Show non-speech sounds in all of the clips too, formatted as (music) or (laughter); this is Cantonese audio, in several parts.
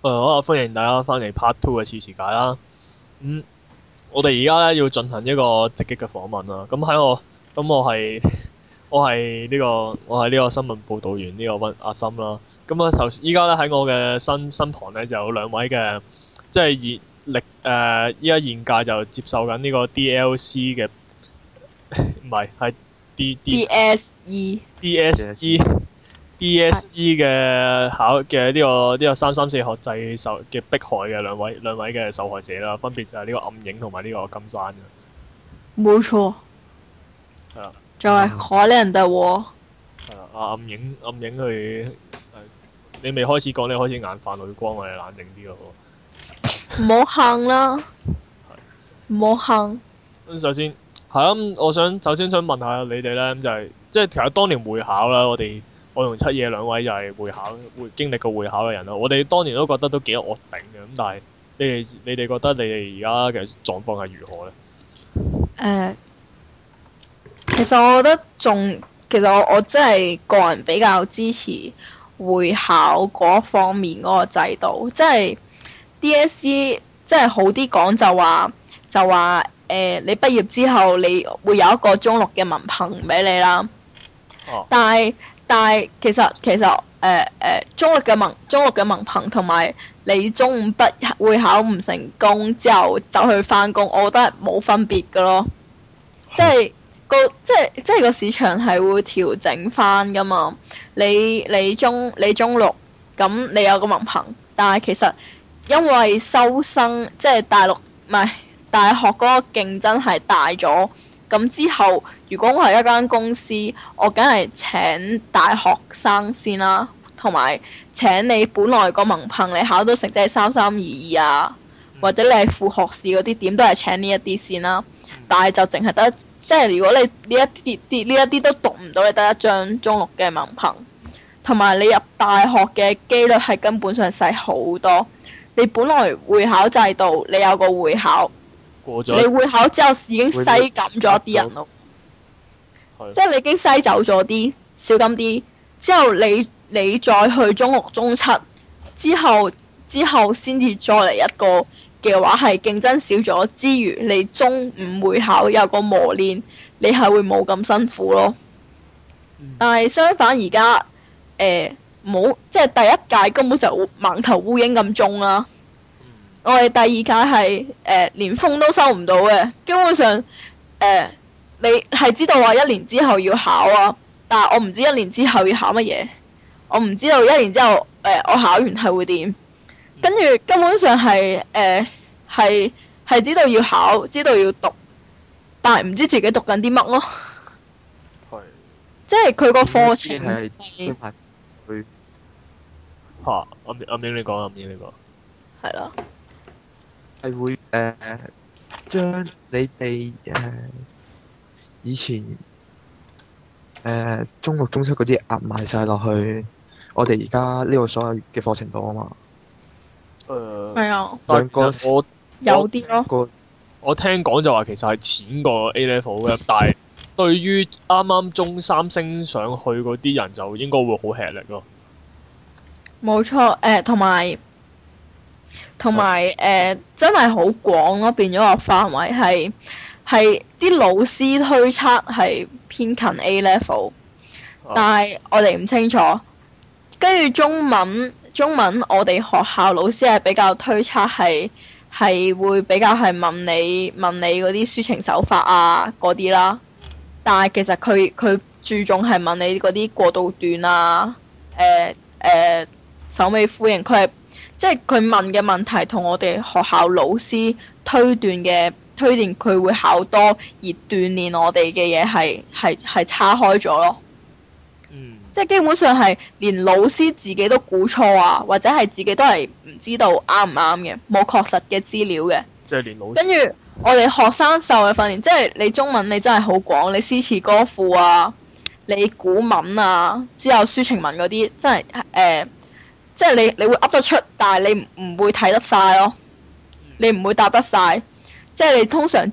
誒好啊！歡迎大家翻嚟 Part Two 嘅次時界啦。咁、嗯、我哋而家咧要進行一個直擊嘅訪問啦。咁、嗯、喺我咁、嗯、我係我係呢、這個我係呢個新聞報導員呢、這個溫阿森啦。咁啊頭依家咧喺我嘅身身旁咧就有兩位嘅，即係、呃、現力誒依家現屆就接受緊呢個 DLC 嘅唔係係 D D DSE。DSE？DSE。D.S.E 嘅是考嘅呢、呢個呢、呢個三三四學制受嘅迫害嘅兩位兩位嘅受害者啦，分別就係呢個暗影同埋呢個金山嘅。冇錯錯。係 Yeah.、哦 yeah, 啊。就係可憐嘅喎。係啊，阿暗影暗影佢、啊，你未開始講，你開始眼泛淚光，我哋冷靜啲咯。唔好喊 (laughs) 啦。係 (laughs) 哄。唔好喊。首先係啊、嗯，我想首先想問下你哋咧，就係、是、即係其實當年會考啦，我哋。我同七夜兩位就係會考會經歷過會考嘅人咯。我哋當年都覺得都幾惡頂嘅。咁，但係你哋你哋覺得你哋而家嘅狀況係如何呢、呃？其實我覺得仲其實我我真係個人比較支持會考嗰方面嗰個制度，即係 DSE，即係好啲講就話就話誒、呃，你畢業之後你會有一個中六嘅文憑俾你啦，啊、但係。但係其實其實誒誒、呃呃、中六嘅文中六嘅文憑同埋你中五畢會考唔成功之後走去翻工，我覺得係冇分別嘅咯。即係個即係即係個市場係會調整翻㗎嘛。你你中你中六咁你有個文憑，但係其實因為收生即係大陸唔係大學嗰個競爭係大咗咁之後。如果我係一間公司，我梗係請大學生先啦，同埋請你本來個文憑你考到成績三三二二啊，嗯、或者你係副學士嗰啲，點都係請呢一啲先啦。嗯、但係就淨係得，即係如果你呢一啲啲呢一啲都讀唔到，你得一張中六嘅文憑，同埋你入大學嘅機率係根本上細好多。你本來會考制度，你有個會考，了你會考之後已經篩減咗啲人。即係你已經篩走咗啲少咁啲，之後你你再去中六中七之後之後先至再嚟一個嘅話係競爭少咗之餘，你中五會考有個磨練，你係會冇咁辛苦咯。但係相反而家誒冇即係第一屆根本就盲頭烏蠅咁中啦，嗯、我哋第二屆係誒、呃、連風都收唔到嘅，基本上誒。呃你係知道話，一年之後要考啊，但係我唔知一年之後要考乜嘢，我唔知道一年之後誒、呃，我考完係會點？跟住根本上係誒，係、呃、係知道要考，知道要讀，但係唔知自己讀緊啲乜咯。係是。即係佢個課程。係係。佢。嚇、啊！我我明你講，我明你講。係咯。係啦會誒、呃，將你哋誒。呃以前誒、呃、中六中七嗰啲壓埋晒落去，我哋而家呢個所有嘅課程度啊嘛。誒、呃。係啊。兩個。有啲咯。我聽講就話其實係淺過 A level 嘅， (laughs) 但係對於啱啱中三升上去嗰啲人，就應該會好吃力咯。冇錯，誒同埋同埋誒真係好廣咯，變咗個範圍係。係啲老師推測係偏近 A level，、oh. 但係我哋唔清楚。跟住中文，中文我哋學校老師係比較推測係係會比較係問你問你嗰啲抒情手法啊嗰啲啦，但係其實佢佢注重係問你嗰啲過渡段啊，誒、呃、誒、呃、首尾呼應。佢係即係佢問嘅問題同我哋學校老師推斷嘅。推斷佢會考多而鍛煉我哋嘅嘢，係係係叉開咗咯，嗯，即係基本上係連老師自己都估錯啊，或者係自己都係唔知道啱唔啱嘅，冇確實嘅資料嘅，即係連老跟住我哋學生受嘅訓練，即係你中文你真係好廣，你詩詞歌賦啊，你古文啊，之後抒情文嗰啲，真係誒，呃，即係你你會噏得出，但係你唔會睇得晒咯，你唔會答得晒。嗯嗯即係你通常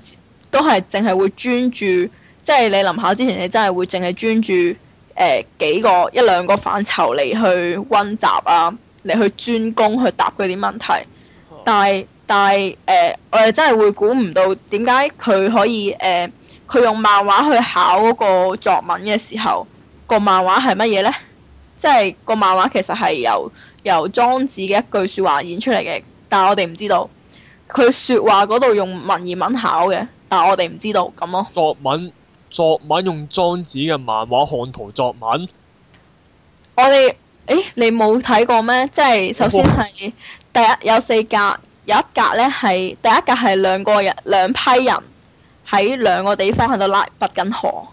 都係淨係會專注，即係你臨考之前，你真係會淨係專注誒、呃、幾個一兩個範疇嚟去温習啊，嚟去專攻去答嗰啲問題。哦、但係但係誒、呃，我哋真係會估唔到點解佢可以誒，佢、呃、用漫畫去考嗰個作文嘅時候，個漫畫係乜嘢呢？即、就、係、是、個漫畫其實係由由莊子嘅一句説話演出嚟嘅，但我哋唔知道。佢說話嗰度用文言文考嘅，但我哋唔知道咁咯。作文，作文用莊子嘅漫畫看圖作文。我哋誒、欸，你冇睇過咩？即係首先係第一有四格，有一格咧係第一格係兩個人兩批人喺兩個地方喺度拉拔緊河，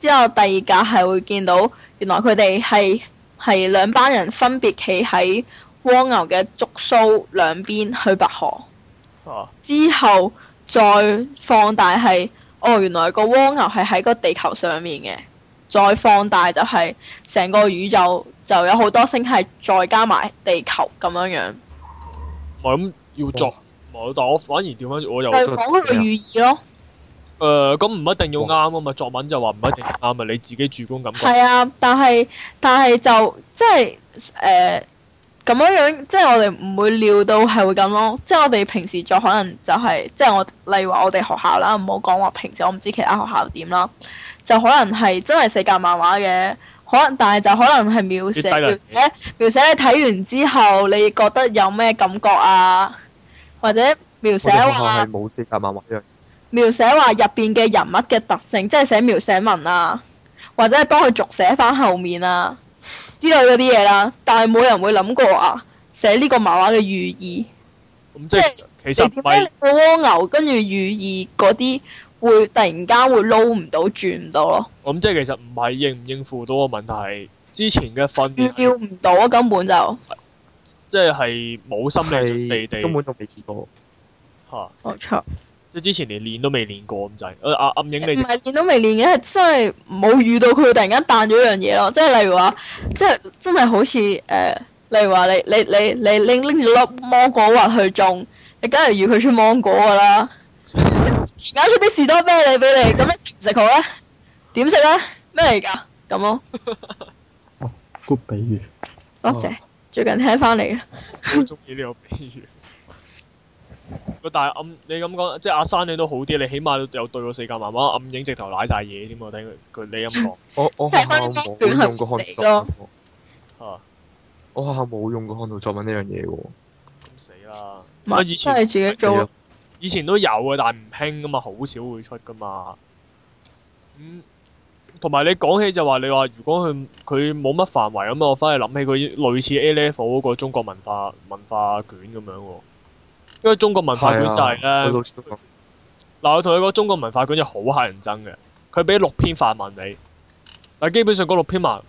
之後第二格係會見到原來佢哋係係兩班人分別企喺蝸牛嘅觸鬚兩邊去拔河。之後再放大係哦，原來個蝸牛係喺個地球上面嘅，再放大就係成個宇宙就，就有好多星系，再加埋地球咁樣樣。咁要作，唔、喔、但我反而點樣我又？就講佢個寓意咯。誒、呃，咁、嗯、唔、嗯嗯、一定要啱啊嘛？作文就話唔一定啱啊，你自己主觀感覺。係啊，但係但係就即係誒。咁樣樣，即係我哋唔會料到係會咁咯。即係我哋平時就可能就係、是，即係我例如話我哋學校啦，唔好講話平時我唔知其他學校點啦，就可能係真係四格漫畫嘅，可能但係就可能係描寫描寫描寫你睇完之後，你覺得有咩感覺啊？或者描寫話冇四格漫畫描寫話入邊嘅人物嘅特性，即係寫描寫文啊，或者係幫佢續寫翻後面啊。知道嗰啲嘢啦，但係冇人會諗過啊，寫呢個漫畫嘅寓意，即係是其實，即係個蝸牛跟住寓意嗰啲會突然間會撈唔到，轉唔到咯。咁、嗯、即係其實唔係應唔應付到個問題，之前嘅訓練要唔到、啊、根本就，即係係冇心理是地地根本都未試過吓。冇錯。即係之前連練都未練過咁滯，誒啊暗影未。唔係練都未練嘅，係真係冇遇到佢突然間彈咗樣嘢咯。即係例如話，即係真係好似誒，例如話你你你你拎拎住粒芒果話去種，你梗係預佢出芒果噶啦。而家出啲士多啤梨俾你，咁你食唔食好咧？點食咧？咩嚟噶？咁咯。哦，good 比喻。多謝。最近聽翻嚟嘅。中意呢個比喻。個大暗，你咁講，即係阿珊你都好啲，你起碼有對過世界萬，哇！暗影直頭瀨晒嘢添啊！聽佢你咁講，我我我冇用過漢，我下下冇用過漢圖作文呢樣嘢喎，咁死啦！我、 (music) 啊 (music) 啊啊、以前係自己做，以前都有嘅，但係唔興啊嘛，好少會出噶嘛。嗯，同埋你講起就話，你話如果佢佢冇乜範圍，咁我翻嚟諗起佢類似 A Level 嗰個中國文化文化卷咁樣、啊。因為中國文化卷就係、是、咧，嗱、啊、我同你講，中國文化卷就好乞人憎嘅。佢俾六篇範文你，嗱基本上嗰六篇文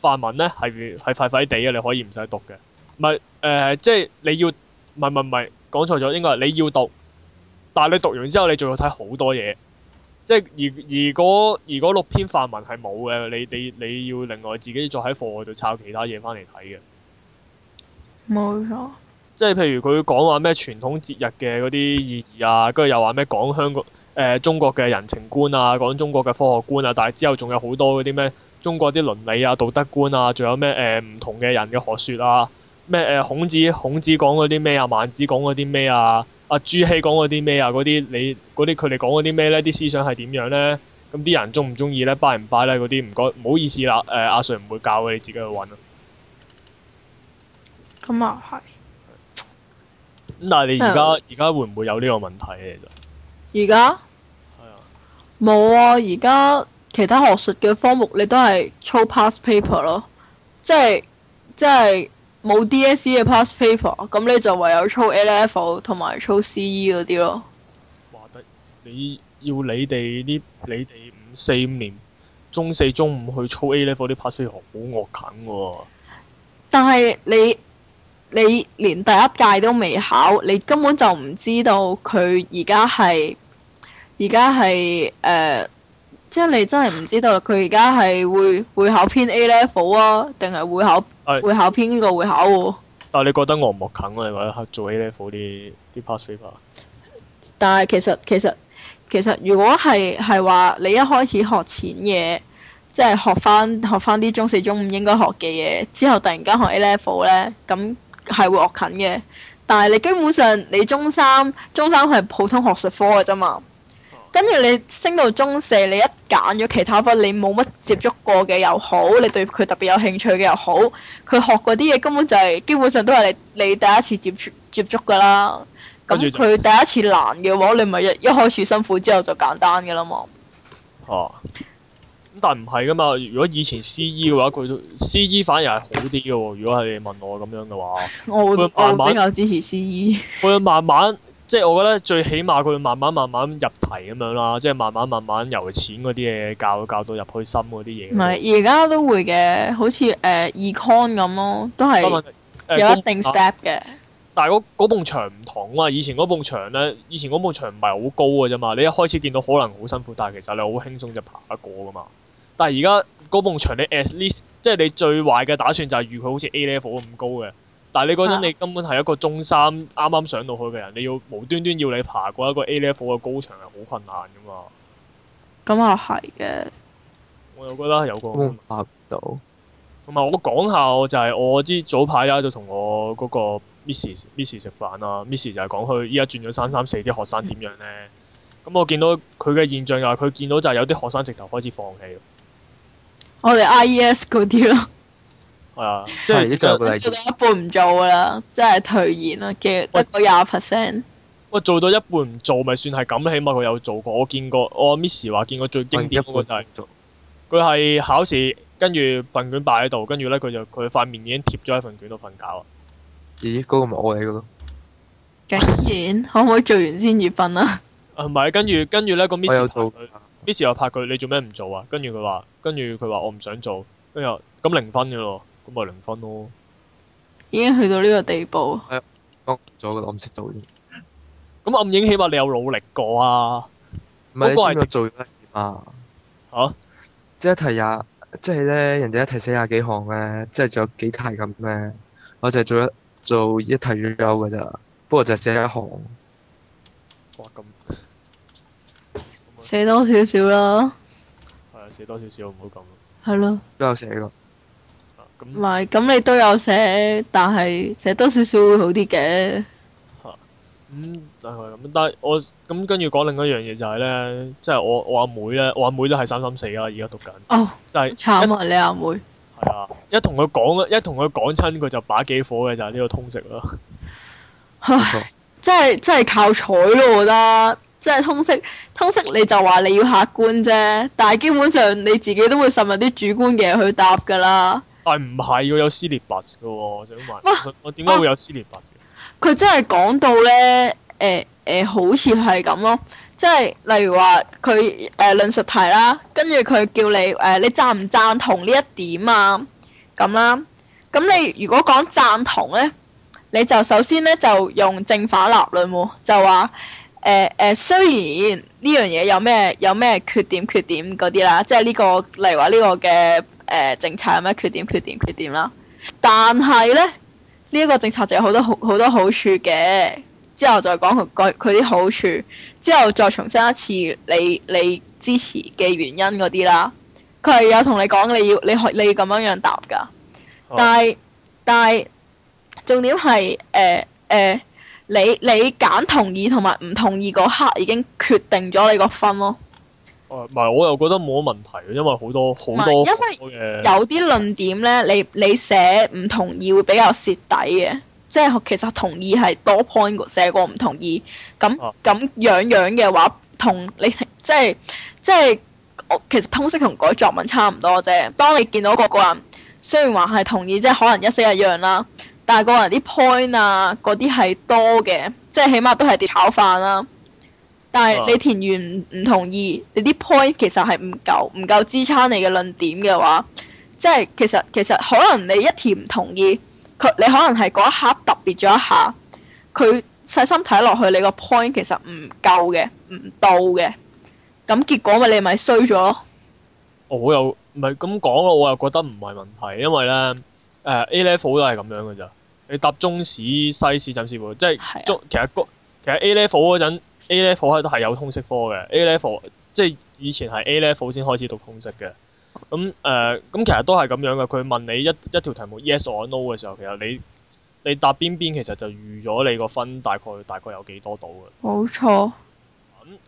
範文咧係係廢廢地嘅，你可以唔使讀嘅。唔係誒，即係你要，唔係唔係唔係，講錯咗，應該係你要讀。但係你讀完之後你，你仲要睇好多嘢，即係如如果如果六篇範文係冇嘅，你你你要另外自己再喺課外度抄其他嘢翻嚟睇嘅。冇錯。即係譬如佢講話咩傳統節日嘅嗰啲意義啊，跟住又話咩講香港中國嘅人情觀啊，講中國嘅科學觀啊，但係之後仲有好多嗰啲咩中國啲倫理啊、道德觀啊，仲有咩誒唔同嘅人嘅學説啊，咩誒孔子孔子講嗰啲咩啊，孟子講嗰啲咩啊，阿朱熹講嗰啲咩啊，嗰啲你嗰啲佢哋講嗰啲咩呢？啲思想係點樣呢？咁啲人中唔中意呢？拜唔拜呢？嗰啲唔該唔好意思啦，誒阿 r 唔會教嘅，你自己去揾啊。咁啊係。咁但係你而家而家會唔會有呢個問題咧？其實而家係啊，冇啊！而家其他學術嘅科目你都係操 past paper 咯，即係即係冇 DSE 嘅 past paper，咁你就唯有操 A level 同埋操 CE 嗰啲咯。哇！得你要你哋啲你哋五四五年中四中五去操 A level 啲 past paper 好惡啃喎。但係你。你連第一屆都未考，你根本就唔知道佢而家係而家係誒，即係你真係唔知道佢而家係會會考偏 A level 啊，定係會考、哎、會考呢個會考喎？但係你覺得我唔冇近喎，你覺得做 A level 啲啲 past paper？但係其實其實其實，其實其實如果係係話你一開始學淺嘢，即、就、係、是、學翻學翻啲中四中五應該學嘅嘢，之後突然間學 A level 咧，咁。係會惡近嘅，但係你基本上你中三，中三係普通學術科嘅啫嘛。跟住、嗯、你升到中四，你一揀咗其他科，你冇乜接觸過嘅又好，你對佢特別有興趣嘅又好，佢學嗰啲嘢根本就係、是，基本上都係你你第一次接觸接觸㗎啦。咁佢接著第一次難嘅話，你咪一一開始辛苦之後就簡單㗎啦嘛。哦、嗯。咁但唔係噶嘛？如果以前 C.E. 嘅話，佢 C.E. 反而係好啲嘅喎。如果係你問我咁樣嘅話，我會慢慢，我比較支持 C.E. 佢慢慢 (laughs) 即係我覺得最起碼佢會慢慢慢慢入題咁樣啦，即係慢慢慢慢由淺嗰啲嘢教教到入去深嗰啲嘢。唔係而家都會嘅，好似誒、呃、Econ 咁咯，都係有一定 step 嘅。呃啊、的但係嗰埲牆唔同啊嘛！以前嗰埲牆咧，以前嗰埲牆唔係好高嘅啫嘛。你一開始見到可能好辛苦，但係其實你好輕鬆就爬得過噶嘛。但係而家嗰埲牆，你 at least 即係你最壞嘅打算就係預佢好似 A level 咁高嘅。但係你嗰陣你根本係一個中三啱啱上到去嘅人，你要無端端要你爬過一個 A level 嘅高牆係好困難㗎嘛？咁啊，係嘅。我又覺得有個諗法到。同埋我講下，我就係我知早排啊，就同我嗰個 Miss Miss 食飯啦。Miss 就係講佢依家轉咗三三四啲學生點樣呢？咁 (laughs) 我見到佢嘅現象就係佢見到就係有啲學生直頭開始放棄。我哋 I E S 嗰啲咯，係啊，即係啲做到一半唔做啦，即係頹然啦，幾得嗰廿 percent。我做到一半唔做，咪算係咁，起碼佢有做過，我見過，我 miss 話見過最經典嗰個就係、是，佢係考試跟住份卷擺喺度，跟住咧佢就佢塊面已經貼咗喺份卷度瞓覺。咦、欸？嗰、那個咪我嚟嘅咯。竟、那個、然 (laughs) 可唔可以做完先至瞓啊？唔係，跟住跟住咧、那個 miss。做。 (laughs) 於是又拍佢，你做咩唔做啊？跟住佢話，跟住佢話我唔想做。跟住咁零分嘅咯，咁咪零分咯。已經、yeah, 去到呢個地步。係、嗯，我唔做噶，我唔識做。咁暗影起碼你有努力過啊。唔係，嗰個係做乜啊？啊？即係一題廿，即係咧，人哋一題寫廿幾行咧，即係仲有幾題咁咧，我就係做一做一題要有噶咋，不過就寫一行。哇！咁。寫多少少啦，係、嗯、了啊，寫多少少唔好咁。係咯，都有寫咯。咁唔係咁，你都有寫，但係寫多少少會好啲嘅。吓，咁大概咁，但係我咁跟住講另一樣嘢就係、是、咧，即、就、係、是、我我阿妹咧，我阿妹都係三三四啦，而家讀緊。哦，真係慘啊！你阿妹。係啊，一同佢講，一同佢講親，佢就把幾火嘅就係、是、呢個通識咯。 (laughs) (laughs) 唉， (laughs) 就是、真係真係靠彩咯，我覺得。即係通識，通識你就話你要客觀啫，但係基本上你自己都會滲入啲主觀嘅嘢去答噶啦。但唔係要有撕裂筆嘅喎，我想問。我點解會有撕裂筆？佢真係講到咧，誒、呃、誒、呃，好似係咁咯。即係例如話佢誒論述題啦，跟住佢叫你誒、呃，你贊唔贊同呢一點啊？咁啦，咁你如果講贊同咧，你就首先咧就用正法立論，就話。誒誒、呃，雖然呢樣嘢有咩有咩缺點缺點嗰啲啦，即係呢個，例如話呢個嘅誒、呃、政策有咩缺點缺點缺點啦，但係咧呢一、這個政策就有好多好好多好處嘅，之後再講佢佢啲好處，之後再重申一次你你支持嘅原因嗰啲啦。佢係有同你講，你要你學你要咁樣樣答噶、哦，但係但係重點係誒誒。呃呃你你揀同意同埋唔同意嗰刻已經決定咗你個分咯。唔係，我又覺得冇乜問題，因為好多好多。唔係，因為有啲論點咧、嗯，你你寫唔同意會比較蝕底嘅，即係其實同意係多 point 寫過唔同意，咁咁、啊、樣樣嘅話，同你即係即係，其實通識同改作文差唔多啫。當你見到個個人雖然話係同意，即係可能一式一樣啦。但係個人啲 point 啊，嗰啲係多嘅，即係起碼都係碟炒飯啦、啊。但係你填完唔同意，你啲 point 其實係唔夠，唔夠支撐你嘅論點嘅話，即係其實其實可能你一填唔同意，佢你可能係嗰一刻特別咗一下，佢細心睇落去，你個 point 其實唔夠嘅，唔到嘅，咁結果咪你咪衰咗咯。我又唔係咁講咯，我又覺得唔係問題，因為咧，誒、呃，A level 都係咁樣嘅咋。你答中史、西史、浸史部，即係其實其實 A level 嗰陣，A level 都係有通識科嘅。A level 即係以前係 A level 先開始讀通識嘅。咁、嗯、誒，咁、呃嗯、其實都係咁樣嘅。佢問你一一條題目 yes or no 嘅時候，其實你你答邊邊，其實就預咗你個分大概大概有幾多度嘅。冇錯。咁、嗯、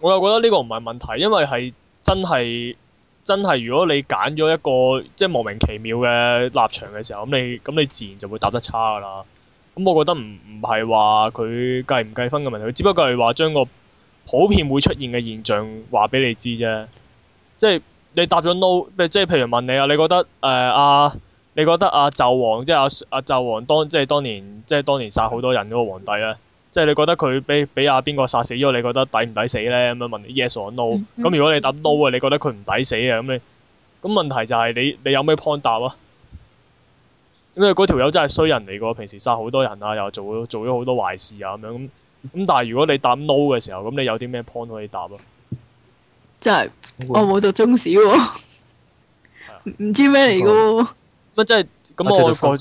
我又覺得呢個唔係問題，因為係真係。真係，如果你揀咗一個即係莫名其妙嘅立場嘅時候，咁你咁你自然就會答得差噶啦。咁我覺得唔唔係話佢計唔計分嘅問題，佢只不過係話將個普遍會出現嘅現象話俾你知啫。即係你答咗 no，即係譬如問你啊，你、呃、啊，你覺得誒阿你覺得阿紂王即係阿阿紂王當即係當年即係當年殺好多人嗰個皇帝咧？即係你覺得佢俾俾阿邊個殺死咗？你覺得抵唔抵死咧？咁樣問。Yes or no？咁、嗯嗯、如果你答 no 啊，你覺得佢唔抵死啊？咁你咁問題就係你你有咩 point 答啊？因為嗰條友真係衰人嚟㗎，平時殺好多人啊，又做做咗好多壞事啊咁樣咁。咁但係如果你答 no 嘅時候，咁你有啲咩 point 可以答啊？真係的，累我冇讀中史喎、哦，唔 (laughs) 的知咩嚟㗎。乜即係咁？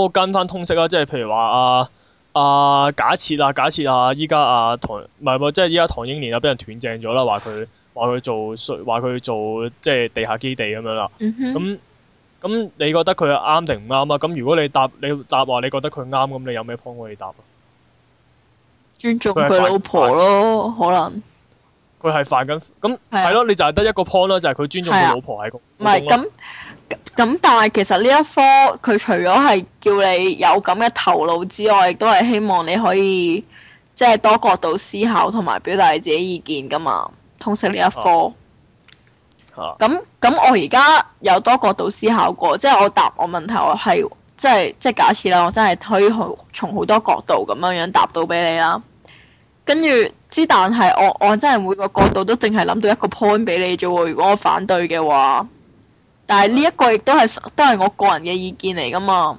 我跟咁翻通識啊，即係譬如話啊。啊，uh, 假設啊，假設啊，依家啊唐，唔係即係依家唐英年啊，俾人斷正咗啦，話佢話佢做衰，話佢做即係、就是、地下基地咁樣啦。咁咁、嗯哼啊，你覺得佢啱定唔啱啊？咁如果你答你答話，你覺得佢啱，咁你有咩 point 可以答？尊重佢老婆咯，可能。佢係犯緊咁係咯，你就係得一個 point 啦，就係、是、佢尊重佢老婆喺公。唔係咁、啊。咁但係其實呢一科佢除咗係叫你有咁嘅頭腦之外，亦都係希望你可以即係、就是、多角度思考同埋表達你自己意見噶嘛。通識呢一科，咁咁、啊啊、我而家有多角度思考過，即係我答我問題，我係即係即係假設啦，我真係可以好從好多角度咁樣樣答到俾你啦。跟住之但係我我真係每個角度都淨係諗到一個 point 俾你啫喎。如果我反對嘅話。但係呢一個亦都係都係我個人嘅意見嚟噶嘛。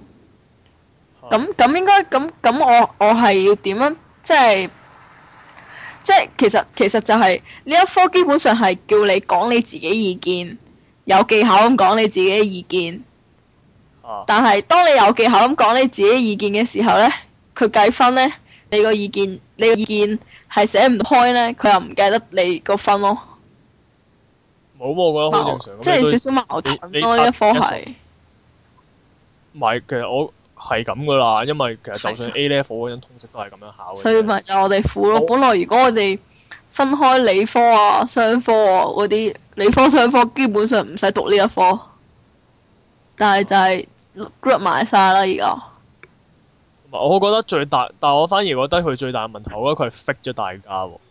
咁咁應該咁咁我我係要點樣，即係即係其實其實就係呢一科基本上係叫你講你自己意見，有技巧咁講你自己嘅意見。但係當你有技巧咁講你自己意見嘅時候咧，佢計分咧，你個意見你意見係寫唔開咧，佢又唔計得你個分咯。冇喎，我覺得好正常。即係毛對少少矛盾咯，啊，呢一科係。唔係，其實我係咁噶啦，因為其實就算 A 呢一科，咁通識都係咁樣考嘅。所以咪就我哋苦咯。有本來如果我哋分開理科啊，商科啊嗰啲，理科商科基本上唔使讀呢一科。但係就係 group 埋晒啦，而家，嗯。在我覺得最大，但係我反而覺得佢最大嘅問題，我覺得佢係 fit 咗大家喎，啊。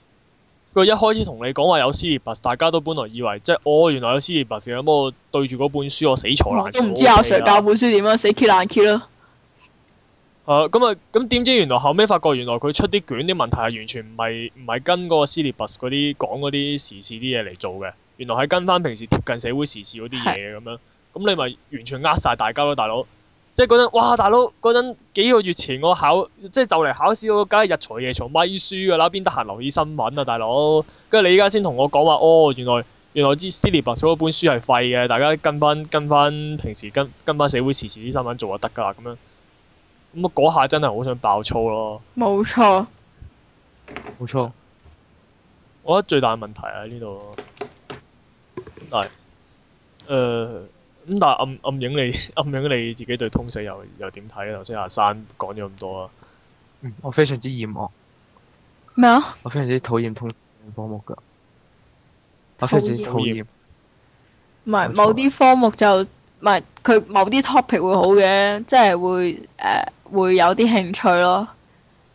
佢一開始同你講話有 syllabus，大家都本來以為即係哦，原來有 syllabus 先咁。我對住嗰本書，我死錯啦！都唔知阿 Sir 教本書點樣，死茄爛茄啦！咁啊，咁點知原來後尾發覺原來佢出啲卷啲問題係完全唔係唔係跟嗰個 syllabus 嗰啲講嗰啲時事啲嘢嚟做嘅。原來係跟翻平時貼近社會時事嗰啲嘢咁樣。咁你咪完全呃晒大家咯，大佬。即係嗰陣，哇！大佬嗰陣幾個月前我考，即係就嚟考試替替，我梗係日長夜長咪書噶啦，邊得閒留意新聞啊，大佬？跟住你依家先同我講話，哦，原來原來 syllabus 嗰本書係廢嘅，大家跟翻跟翻平時跟跟翻社會時事啲新聞做就得噶啦咁樣。咁啊，嗰下真係好想爆粗咯！冇錯，冇錯。我覺得最大問題喺呢度囉。但係，誒、呃。咁、嗯、但係暗暗影你暗影你自己對通識又又點睇啊？頭先阿山講咗咁多啊，我非常之厭惡咩啊？麼我非常之討厭通識科目噶厭我非常之討厭。唔係某啲科目就唔係佢某啲 topic 會好嘅，即、就、係、是、會誒、呃、會有啲興趣咯。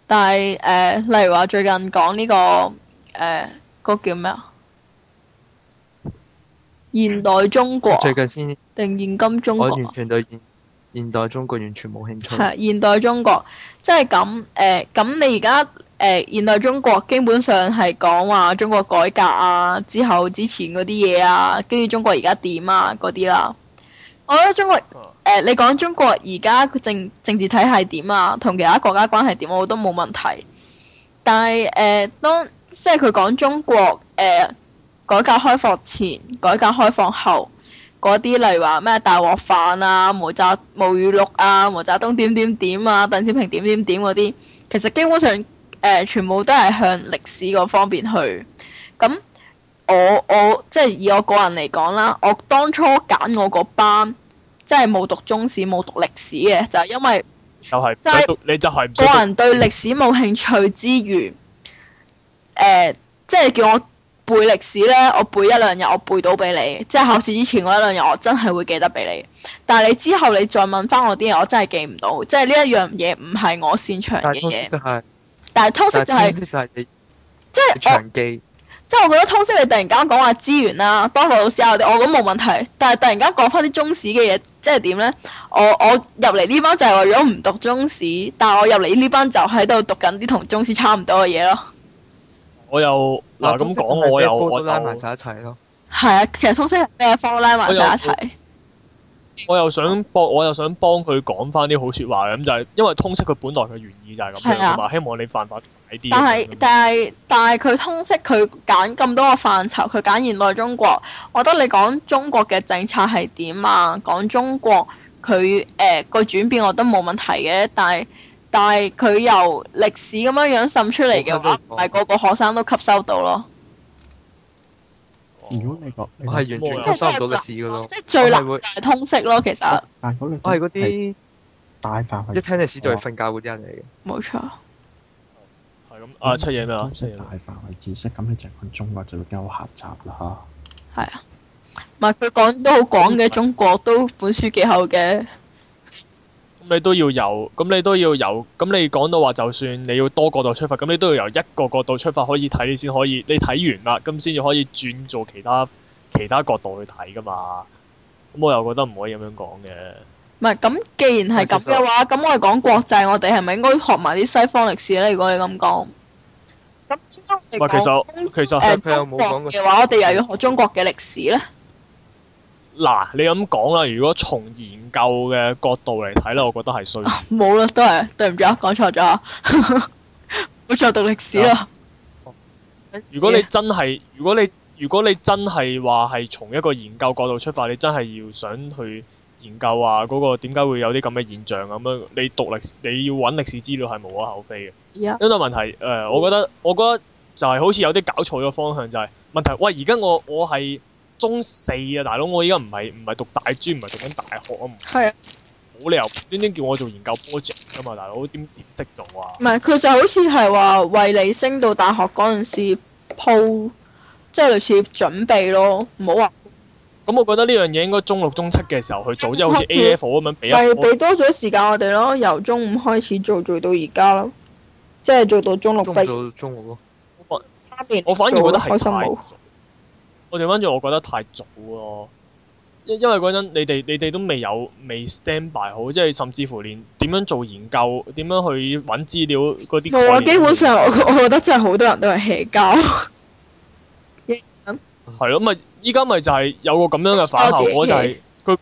但係誒、呃，例如話最近講呢、這個誒、嗰、呃、叫咩啊？現代中國最近先定現今中國，我完全對現代中國完全冇興趣。係現代中國即係咁誒咁，呃、你而家誒現代中國基本上係講話中國改革啊，之後之前嗰啲嘢啊，跟住中國而家點啊嗰啲啦。我覺得中國誒、Oh. 呃，你講中國而家政政治體系點啊，同其他國家關係點、啊，我都冇問題。但係誒、呃，當即係佢講中國誒。呃改革開放前、改革開放後嗰啲，例如話咩大鑊飯啊、毛澤、毛語錄啊、毛澤東點點點啊、鄧小平點點點嗰啲，其實基本上誒、呃、全部都係向歷史嗰方面去。咁我我即係以我個人嚟講啦，我當初揀我個班，即係冇讀中史、冇讀歷史嘅，就係、是、因為就係即係個人對歷史冇興趣之餘，誒、呃、即係叫我。背歷史咧，我背一兩日，我背到俾你。即係考試之前嗰一兩日，我真係會記得俾你。但係你之後你再問翻我啲嘢，我真係記唔到。即係呢一樣嘢唔係我擅長嘅嘢。但係通識就係、是，但係通識就係、是，就即係我即係我覺得通識你突然間講話資源啦，多數老師啊啲，我都冇問題。但係突然間講翻啲中史嘅嘢，即係點呢？我我入嚟呢班就係為咗唔讀中史，但我入嚟呢班就喺度讀緊啲同中史差唔多嘅嘢咯。我又嗱咁講，我又我拉埋晒一齊咯。係啊，其實通識係咩科？拉埋晒一齊。我又想博， (laughs) 我又想幫佢講翻啲好説話咁，就係因為通識佢本來嘅原意就係咁樣，同埋、啊、希望你範圍大啲。但係但係但係佢通識佢揀咁多個範疇，佢揀現代中國，我覺得你講中國嘅政策係點啊？講中國佢誒個轉變，我覺得冇問題嘅，但係。但係佢由歷史咁樣樣滲出嚟嘅話，唔係個個學生都吸收到咯。如果你講，我係完全吸收唔到嘅事噶咯。即係最難通識咯，其實。但係嗰啲我係嗰啲大範圍，一聽歷史就係瞓覺嗰啲人嚟嘅。冇錯錯。係咁啊！ (noise) 嗯嗯、出嘢咩？通識大範圍知識，咁你成個中國就會更加狹窄啦。吓。係啊。唔係佢講都好廣嘅，中國是都本書幾好嘅。咁你都要由，咁你都要由，咁你講到話就算你要多角度出發，咁你都要由一個角度出發可以睇，你先可以，你睇完啦，咁先至可以轉做其他其他角度去睇噶嘛。咁我又覺得唔可以咁樣講嘅。唔係，咁既然係咁嘅話，咁實我哋講國際，我哋係咪應該學埋啲西方歷史咧？如果你咁講。咁，唔係，其實說其實誒，中、呃、國嘅話，我哋又要學中國嘅歷史咧。嗱、啊，你咁講啦，如果從研究嘅角度嚟睇咧，我覺得係衰。冇啦、啊，都係，對唔住，啊，講錯咗，我再讀歷史咯、啊哦啊。如果你真係，如果你如果你真係話係從一個研究角度出發，你真係要想去研究啊嗰個點解會有啲咁嘅現象咁樣，你讀歷史你要揾歷史資料係無可厚非嘅。而 Yeah. 因為問題誒、呃，我覺得我覺得就係好似有啲搞錯咗方向、就是，就係問題。喂，而家我我係。中四啊，大佬，我依家唔係唔係讀大專，唔係讀緊大學係啊，冇理由端端叫我做研究 project 噶嘛，大佬，點點識到啊？唔係佢就好似係話為你升到大學嗰陣時鋪，即係、就是、類似準備咯，唔好話。咁、嗯、我覺得呢樣嘢應該中六中七嘅時候去做，即係好似 A F 咁樣俾。係俾多咗時間我哋咯，由中五開始做做到而家咯，即係做到中六。做到中六咯。我反而覺得開心冇。我哋翻轉，我覺得太早咯，因因為嗰陣你哋你哋都未有未 standby 好，即係甚至乎連點樣做研究、點樣去揾資料嗰啲。冇啊，基本上我我覺得真係好多人都係 hea 交。係 (laughs) 咯，咪依家咪就係有個咁樣嘅反效果就，就係佢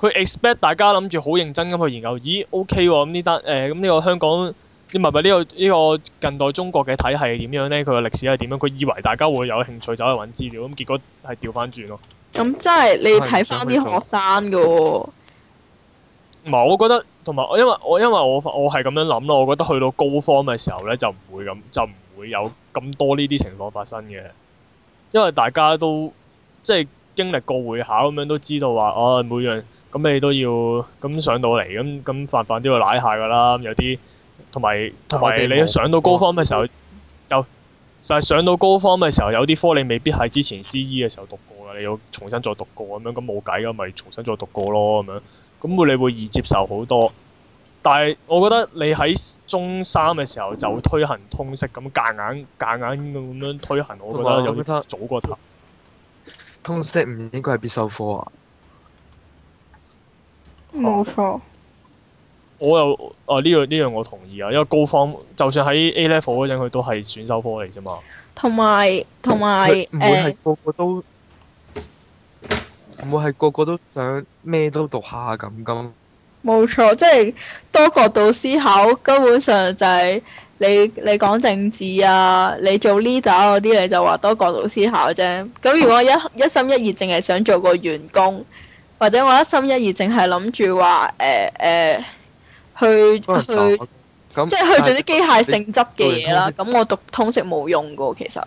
佢 expect 大家諗住好認真咁去研究，咦 OK 喎，咁呢單誒咁呢個香港。你明白呢個呢個呢個近代中國嘅體系係點樣咧？佢個歷史係點樣？佢以為大家會有興趣走去揾資料，咁結果係調翻轉咯。咁真係你睇翻啲學生噶唔係，我覺得同埋，因為我因為我我係咁樣諗咯。我覺得去到高方嘅時候呢，就唔會咁，就唔會有咁多呢啲情況發生嘅。因為大家都即係經歷過會考咁樣，都知道話哦、啊，每樣咁你都要咁上到嚟咁咁，泛泛都要瀨下噶啦。有啲。同埋，同埋你上到高方嘅時候，就就係上到高方嘅時候，有啲科你未必係之前 C.E 嘅時候讀過嘅，你要重新再讀過咁樣，咁冇計嘅，咪重新再讀過咯咁樣。咁你會易接受好多。但係我覺得你喺中三嘅時候就會推行通識，咁夾硬夾硬咁樣推行，我覺得有啲早過頭。通識唔應該係必修科啊！冇錯。我又啊呢樣呢樣我同意啊，因為高方就算喺 A level 嗰陣佢都係選修科嚟啫嘛。同埋同埋，唔會係個個都唔、呃、會係個個都想咩都讀下咁噶。冇錯，即係多角度思考，根本上就係你你講政治啊，你做 leader 嗰啲，你就話多角度思考啫。咁如果一、嗯、一心一意淨係想做個員工，或者我一心一意淨係諗住話誒誒。呃呃去去，即係去做啲機械性質嘅嘢啦。咁我讀通識冇用噶，其實。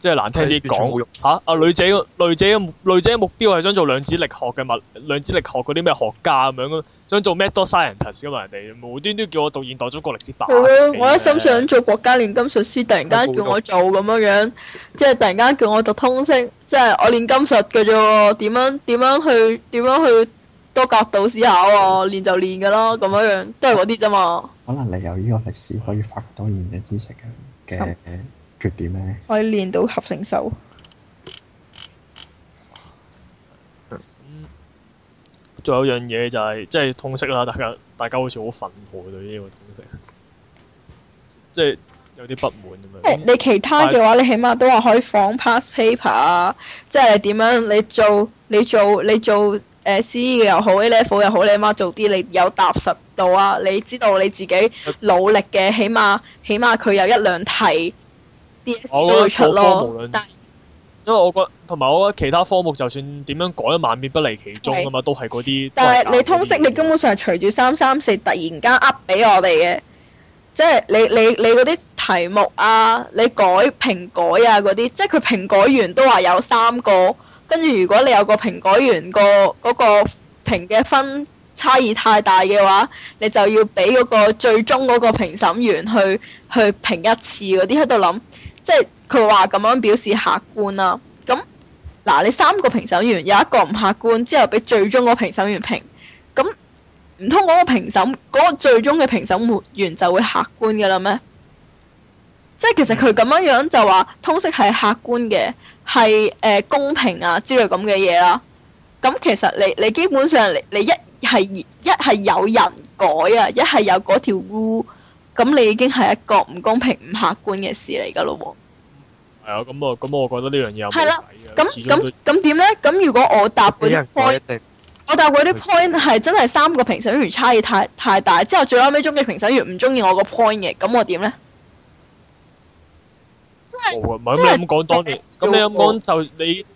即係難聽啲講吓，阿女仔，女仔，女仔嘅目標係想做量子力學嘅物，量子力學嗰啲咩學家咁樣咯。想做 mad scientist 咁啊，人哋無端端叫我讀現代中國歷史白啦。我一心想做國家煉金術師，突然間叫我做咁樣樣，即係突然間叫我讀通識，即係我煉金術嘅啫。點樣點樣去點樣去？多角度思考喎，練就練嘅啦，咁樣樣都係嗰啲啫嘛。可能你由呢個歷史可以發當然嘅知識嘅嘅缺點咧。可以、嗯、練到合成手。嗯，仲有樣嘢就係、是，即係通識啦，大家大家好似好憤怒對呢個通識， (laughs) 即係有啲不滿咁樣。嗯、你其他嘅話，是你起碼都話可以仿 past paper 啊，即係點樣？你做你做你做。你做你做.誒 C 又好，A level 又好，你阿媽做啲你有踏實度啊！你知道你自己努力嘅的，起碼起碼佢有一兩題 DSE 都會出咯。因為我覺得，同埋我覺得其他科目，但他科目就算點樣改，萬變不離其宗啊嘛 Okay.，都係嗰啲。但係你通識，你根本上係隨住三三四突然間 up 俾我哋嘅，即係你你你嗰啲題目啊，你改評改啊嗰啲，即係佢評改完都話有三個。跟住如果你有個評改員個嗰個評嘅分差異太大嘅話，你就要俾嗰個最終嗰個評審員去去評一次嗰啲喺度諗，即係佢話咁樣表示客觀啦。咁嗱，你三個評審員有一個唔客觀之後，俾最終個評審員評，咁唔通嗰個評審嗰個最終嘅評審員就會客觀嘅啦咩？即係其實佢咁樣樣就話通識係客觀嘅，係誒、呃、公平啊之類咁嘅嘢啦。咁其實你你基本上你你一係一係有人改啊，一係有嗰條 rule 咁你已經係一個唔公平唔客觀嘅事嚟噶咯喎。係啊，咁啊，咁我覺得呢樣嘢唔抵嘅。咁咁咁點咧？咁如果我答嗰啲 point，我答嗰啲 point 係真係三個評審員差異太太大，之後最後尾中嘅評審員唔中意我個 point 嘅，咁我點咧？冇啊，唔係咁你咁講當年，咁、嗯嗯、你咁講就你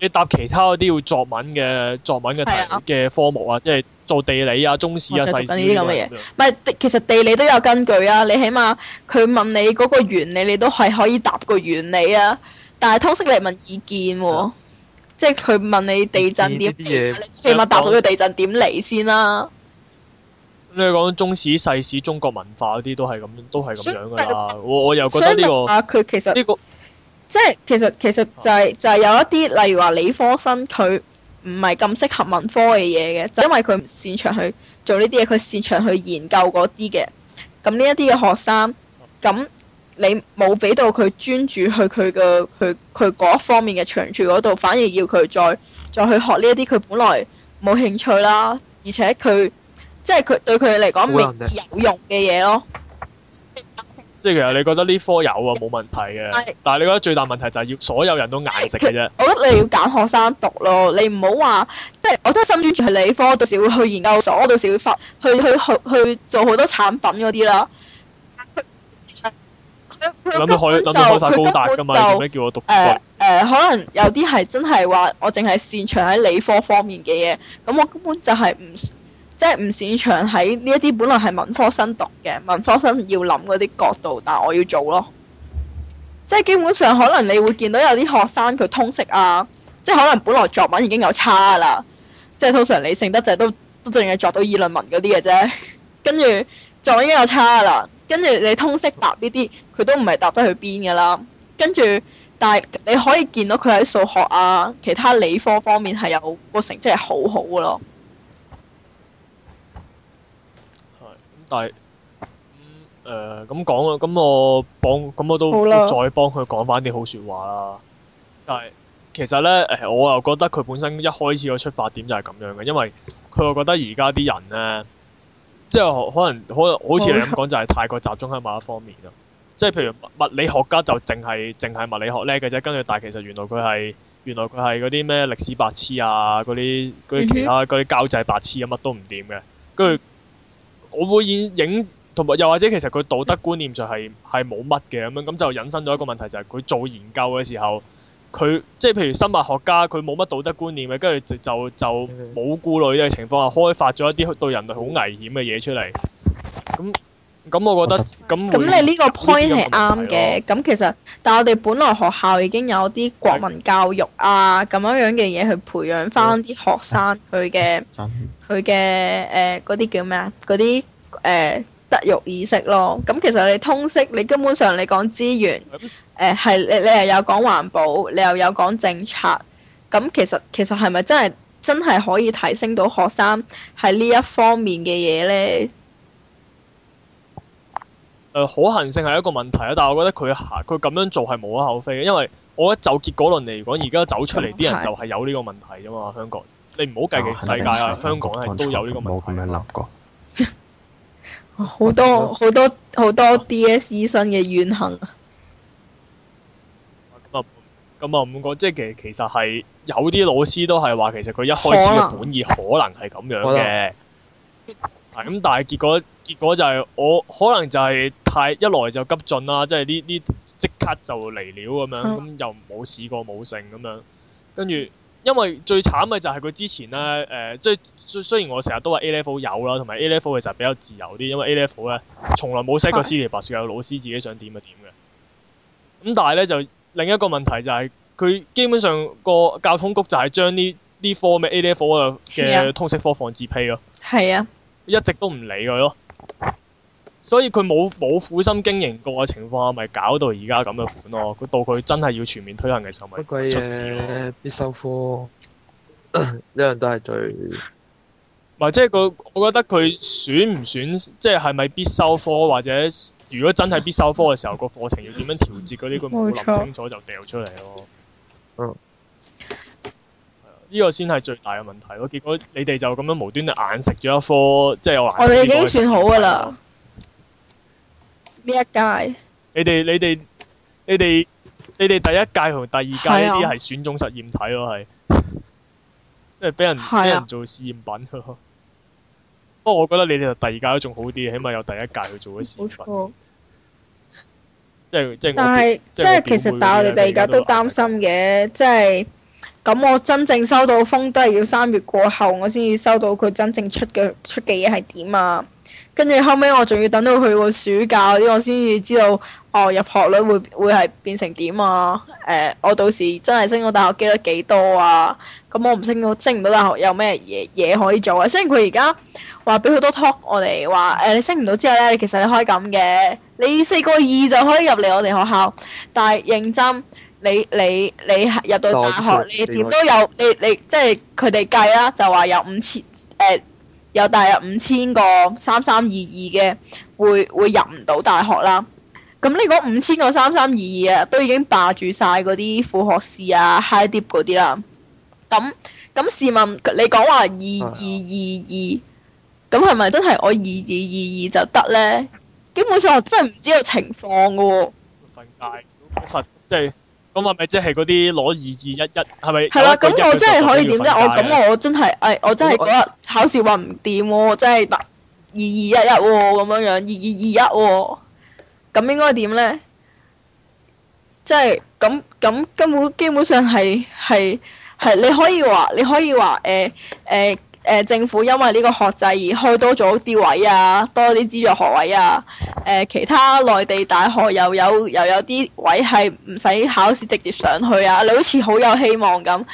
你答其他啲要作文嘅作文嘅題嘅、嗯、科目啊，即係做地理啊、中史啊、世史呢啲咁嘅嘢，唔係其實地理都有根據啊，你起碼佢問你嗰個原理，你都係可以答個原理啊，但係通識嚟問意見喎、啊，啊、即係佢問你地震點，起碼答到個地震點嚟先啦、啊。你講中史、世史、中國文化嗰啲都係咁，都係咁樣噶啦。我我又覺得呢個啊，佢其實呢個即係其實其實就係就係有一啲，例如話理科生佢唔係咁適合文科嘅嘢嘅，就因為佢唔擅長去做呢啲嘢，佢擅長去研究嗰啲嘅。咁呢一啲嘅學生，咁你冇俾到佢專注去佢嘅佢佢嗰一方面嘅長處嗰度，反而要佢再再去學呢一啲佢本來冇興趣啦，而且佢。即係佢對佢嚟講，未有用嘅嘢咯。即係其實你覺得呢科有啊，冇問題嘅。但係是你覺得最大問題就係要所有人都硬食嘅啫。我覺得你要揀學生讀咯，你唔好話即係我真係心專注係理科，到時會去研究所，到時會發去去去去，去做好多產品嗰啲啦。等都可等都開晒高達噶嘛？唔好叫我讀書。誒、啊啊，可能有啲係真係話我淨係擅長喺理科方面嘅嘢，咁我根本就係唔。即係唔擅長喺呢一啲本來係文科生讀嘅，文科生要諗嗰啲角度，但係我要做咯。即係基本上可能你會見到有啲學生佢通識啊，即係可能本來作文已經有差啦，即係通常你性得就都都淨係作到議論文嗰啲嘅啫。跟住作文已經有差啦，跟住你通識答呢啲，佢都唔係答得去邊噶啦。跟住，但係你可以見到佢喺數學啊，其他理科方面係有個成績係好好噶咯。係，咁誒咁講啊，咁我幫，咁我都再幫佢講翻啲好説話啦。但係，其實咧，誒我又覺得佢本身一開始個出發點就係咁樣嘅，因為佢又覺得而家啲人咧，即係可能可能好似你咁講，就係太過集中喺某一方面啦。即係譬如物理學家就淨係淨係物理學叻嘅啫，跟住但係其實原來佢係原來佢係嗰啲咩歷史白痴啊，嗰啲嗰啲其他嗰啲交際白痴啊，乜都唔掂嘅，跟住。我會影同埋又或者其實佢道德觀念就係係冇乜嘅咁樣，咁就引申咗一個問題，就係佢做研究嘅時候，佢即係譬如生物學家佢冇乜道德觀念嘅，跟住就就冇顧慮呢個情況下開發咗一啲對人類好危險嘅嘢出嚟，咁。咁我覺得咁，咁你呢個 point 係啱嘅。咁其實，但係我哋本來學校已經有啲國民教育啊咁的樣樣嘅嘢去培養返啲學生佢嘅佢嘅誒嗰啲叫咩啊？嗰啲誒德育意識咯。咁其實你通識，你根本上你講資源誒係的、呃、你你又有講環保，你又有講政策。咁其實其實係咪真係真係可以提升到學生喺呢一方面嘅嘢咧？誒，可行性係一個問題啊，但係我覺得佢佢咁樣做係無可厚非嘅，因為我覺得就結果論嚟講，而家走出嚟啲人就係有呢個問題啫嘛。香港，你唔好計極世界啊，哦、香港係都有呢個問題。冇咁樣諗過， (laughs) 好多好多好多 D.S. 醫生嘅怨恨。咁啊、嗯，咁啊唔該，即係其實係有啲老師都係話，其實佢一開始嘅本意可能係咁樣嘅。咁但係結果結果就係我可能就係、是。太一來就急進啦，即係呢呢即刻就嚟了咁樣，咁、嗯、又冇試過冇成咁樣。跟住因為最慘嘅就係佢之前呢，誒即係雖雖然我成日都話 A level 有啦，同埋 A level 其實比較自由啲，因為 A level 咧從來冇 set 過 syllabus，有老師自己想點就點嘅。咁但係呢，就另一個問題就係、是、佢基本上個教統局就係將呢啲科咩 A level 嘅通識科放自批咯。係啊，啊一直都唔理佢咯。所以佢冇冇苦心經營過嘅情況，咪、就是、搞到而家咁嘅款咯。佢到佢真係要全面推行嘅時候，咪出事咯。必修科一樣 (laughs) 都係最唔係即係佢，我覺得佢選唔選即係係咪必修科，或者如果真係必修科嘅時候，個課程要點樣調節嗰啲，佢冇諗清楚就掉出嚟咯。呢、哦、個先係最大嘅問題咯。結果你哋就咁樣無端端硬食咗一科，即係我我哋已經算好㗎啦。呢一屆，你哋你哋你哋你哋第一屆同第二屆呢啲係選中實驗體咯，係即係俾人俾、啊、人做試驗品。不過 (laughs) 我覺得你哋第二屆都仲好啲，起碼有第一屆去做咗試驗品。冇錯即係。即但係即係其實打，但係我哋第二屆都擔心嘅，即係咁我真正收到風都係要三月過後，我先至收到佢真正出嘅出嘅嘢係點啊！跟住後尾，我仲要等到佢過暑假嗰啲，我先至知道哦入學率會會係變成點啊？誒、呃，我到時真係升到大學機率幾多啊？咁我唔升到，升唔到大學有咩嘢嘢可以做啊？雖然佢而家話俾好多 talk 我哋，話誒、呃、你升唔到之後咧，其實你可以咁嘅，你四個二就可以入嚟我哋學校。但係認真，你你你，你入到大學，你點都有你你即係佢哋計啦，就話有五千誒。呃有大約五千個三三二二嘅，會會入唔到大學啦。咁、嗯、你個五千個三三二二啊，都已經霸住晒嗰啲副學士啊、high dip 嗰啲啦。咁咁試問你講話二二二二，咁係咪真係我二二二二就得呢？基本上我真係唔知道情況噶、啊。啊咁係咪即係嗰啲攞二二一一？係咪？係啦、啊，咁我真係可以點啫？我咁我真係，誒，我真係嗰日考試話唔掂，真係得二二一一咁樣樣，二二二一，咁應該點咧？即係咁咁根本基本上係係係，你可以話你可以話誒誒。欸欸呃、政府因為呢個學制而開多咗啲位啊，多啲資助學位啊。呃、其他內地大學又有又有啲位係唔使考試直接上去啊，你好似好有希望咁。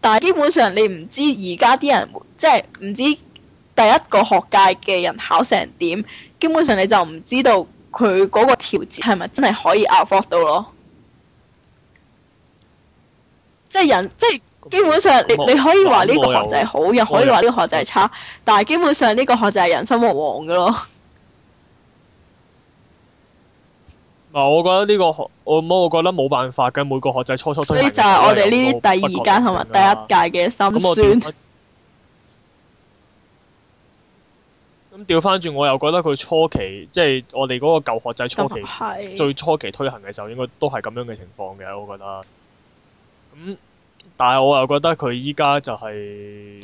但係基本上你唔知而家啲人即係唔知第一個學界嘅人考成點，基本上你就唔知道佢嗰個條件係咪真係可以 afford 到咯。即係人，即係。基本上你，你你可以話呢個學制好，又可以話呢個學制差，但係基本上呢個學制係人心惶惶噶咯。嗱，我覺得呢個學，我冇，我覺得冇辦法嘅。每個學制初初都的的，所以就係我哋呢啲第二屆同埋第一屆嘅心酸。咁 (laughs) 我調翻轉，我又覺得佢初期，即係我哋嗰個舊學制初期，是最初期推行嘅時候，應該都係咁樣嘅情況嘅。我覺得咁。嗯但係我又覺得佢依家就係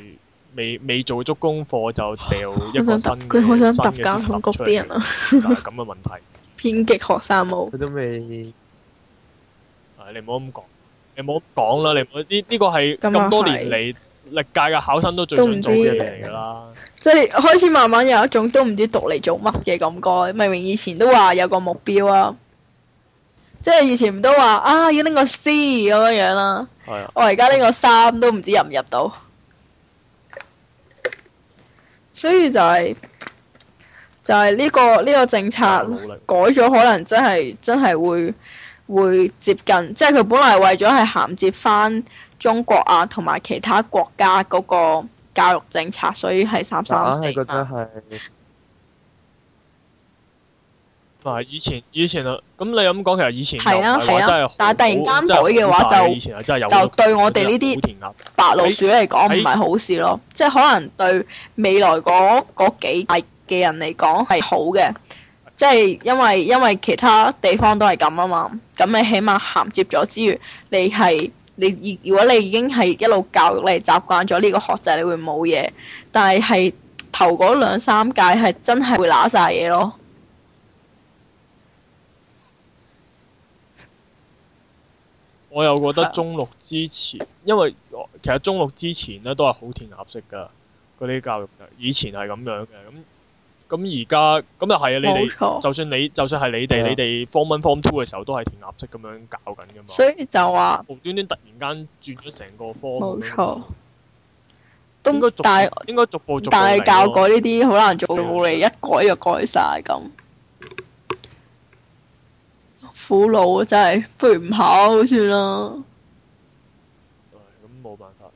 未未做足功課，就掉一個新嘅新嘅，佢好想夾硬谷啲人啊，咁嘅、嗯嗯、問題 (laughs) 偏激學生冇佢都未、啊，你唔好咁講，你唔好講啦，你呢呢、這個係咁多年嚟歷屆嘅考生都最難做嘅嘢嚟噶啦，即係開始慢慢有一種都唔知讀嚟做乜嘅感覺，明明以前都話有個目標啊。即係以前唔都話啊要拎個 C 咁樣樣啦，哎呦，我而家拎個三都唔知入唔入到，所以就係就係呢個呢個政策改咗，可能真係真係會會接近，即係佢本來為咗係銜接翻中國啊同埋其他國家嗰個教育政策，所以係三三四。以前，以前啊，咁你咁講，其實以前嘅話真係、啊啊、但係突然間改嘅話就以前真有就對我哋呢啲白老鼠嚟講唔係好事咯。即係可能對未來嗰嗰幾代嘅人嚟講係好嘅，即係的因為因為其他地方都係咁啊嘛。咁你起碼銜接咗之餘，你係你如果你已經係一路教育你習慣咗呢個學制，你會冇嘢。但係係頭嗰兩三屆係真係會拿晒嘢咯。我又覺得中六之前，因為其實中六之前咧都係好填鴨式噶，嗰啲教育就以前係咁樣嘅。咁咁而家咁又係啊！你哋就算你就算係你哋，冇錯你哋 form one form two 嘅時候都係填鴨式咁樣教緊噶嘛。所以就話無端端突然間轉咗成個科。冇錯。都但係應該逐步逐步，但係教改呢啲好難做到你，到、嗯，嚟一改就改晒咁。苦惱啊，真係，不如唔考算啦。咁冇、嗯、辦法。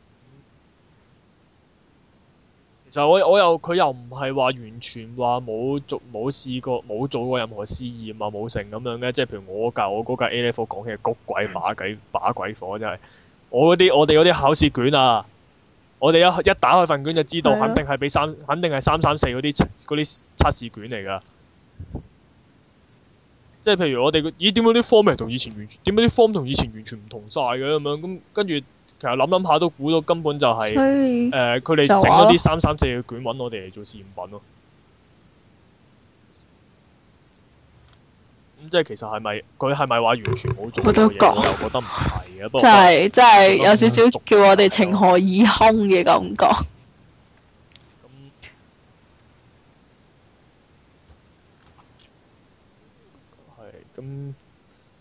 其實我我又佢又唔係話完全話冇做冇試過冇做過任何試驗啊，冇成咁樣嘅，即係譬如我教我嗰屆 A level 講起係谷鬼、嗯、把鬼把鬼火真係。我嗰啲我哋嗰啲考試卷啊，我哋一一打開份卷就知道，肯定係俾三肯定係三三四嗰啲嗰啲測試卷嚟㗎。即係譬如我哋咦點解啲 form 係同以前完？點解啲 form 同以前完全唔同晒嘅咁樣？咁跟住其實諗諗下都估到根本就係、是、誒，佢哋整咗啲三三四嘅卷揾我哋嚟做試驗品咯。咁、嗯、即係其實係咪佢係咪話完全冇做？我都覺，覺得唔係啊。不過，即係真係有少少叫我哋情何以堪嘅感覺。 (laughs) 咁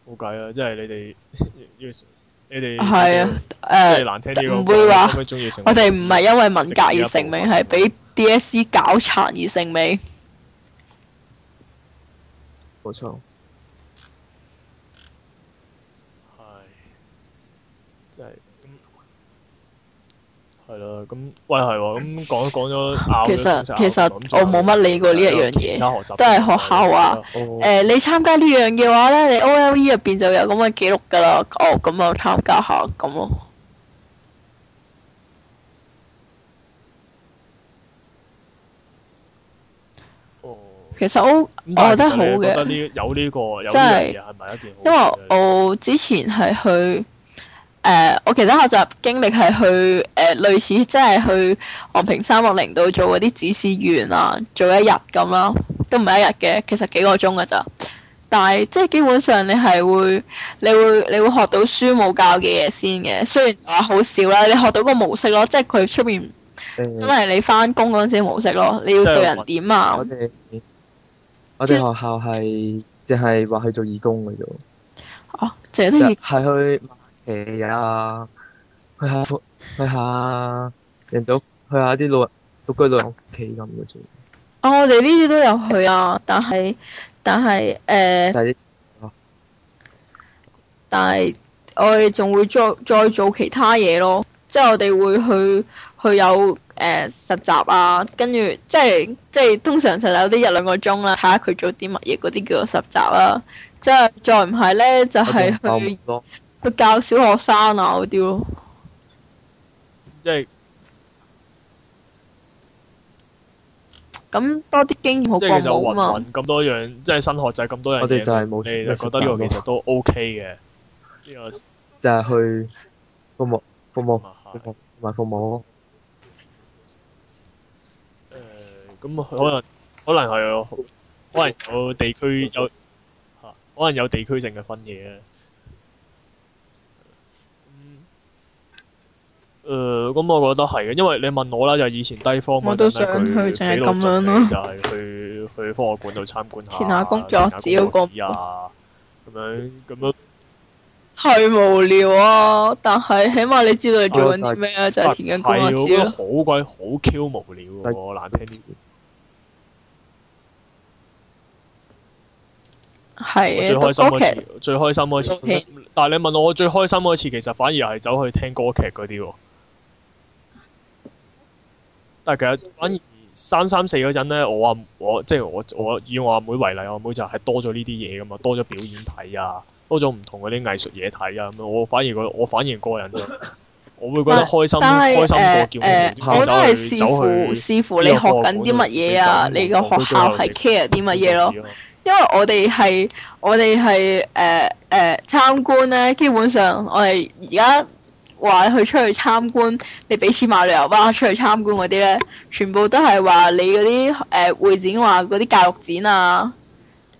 冇計啊，即、呃、係你哋你哋係啊，誒，唔會話，我哋唔係因為文革而成名，係俾 DSE 搞殘而成名。冇錯。係啦，咁喂係喎，咁講講咗。其實其實我冇乜理過呢一樣嘢，即係學校啊。誒、欸，哦、你參加呢樣嘅話咧，你 O L E 入邊就有咁嘅記錄㗎啦。哦，咁啊參加下咁咯。啊哦、其實我我真係好嘅。有呢、呢個，是有呢樣嘢係咪因為我之前係去。誒、呃，我其他學習經歷係去誒、呃，類似即係去昂平三六零度做嗰啲指示員啊，做一日咁啦，都唔係一日嘅，其實幾個鐘㗎咋。但係即係基本上你係會，你會你會學到書冇教嘅嘢先嘅，雖然話好少啦。你學到個模式咯，即係佢出邊真係你翻工嗰陣時模式咯，呃、你要對人點啊？我哋學校係即係話去做義工嘅啫，哦，即係都係去。係啊，去下去下人哋去下啲老人獨居老人屋企咁嘅啫。啊，我哋呢啲都有去啊，但係但係誒，但係、呃、我哋仲會再再做其他嘢咯。即係我哋會去去有誒、呃、實習啊，跟住即係即係通常就有啲一兩個鐘啦，睇下佢做啲乜嘢嗰啲叫做實習啦、啊。即係再唔係咧，就係、是、去。佢教小學生啊嗰啲咯，即係咁多啲經驗好過冇啊嘛。咁多樣，即係新學就係咁多樣嘢。我哋就係冇錢，覺得呢個其實都 OK 嘅。呢個就係去服務、服務同埋服務咯。誒，咁可能可能係可能有地區有嚇，可能有地區性嘅分野啊。誒咁、呃嗯，我覺得係嘅，因為你問我啦，就係、以前低科我都想去，問咧佢幾路就係去去科學館度參觀下，填下工作、啊，屌、啊嗰個咁樣咁樣，係無聊啊！但係起碼你知道你做緊啲咩啊，就係填緊工作紙、啊啊啊嗯、好鬼好 Q 無聊喎、啊，難聽啲。係對。最開心嗰次，最開心嗰次。但係你問我，我最開心嗰次其實反而係走去聽歌劇嗰啲喎。但其實反而三三四嗰陣咧，我阿我即係我我以我阿妹為例，我阿妹就係多咗呢啲嘢㗎嘛，多咗表演睇啊，多咗唔同嗰啲藝術嘢睇啊咁樣。我反而個我反而個人就我會覺得開心， (laughs) 呃、開心過叫但係 (laughs) 我都係視乎視乎你學緊啲乜嘢啊，你父個學校係、啊、走 care 啲乜嘢咯？因為我哋係我哋係誒誒參觀咧，基本上我哋而家。話去出去參觀，你俾錢買旅遊巴出去參觀。嗰啲咧，全部都係話你嗰啲誒，會展話嗰啲教育展啊，